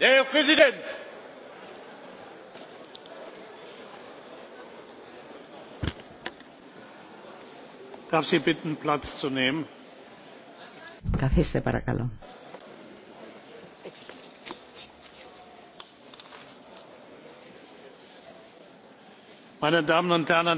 Herr Präsident! Darf Sie bitten, Platz zu nehmen? Καθίστε παρακαλώ. Meine Damen und Herren,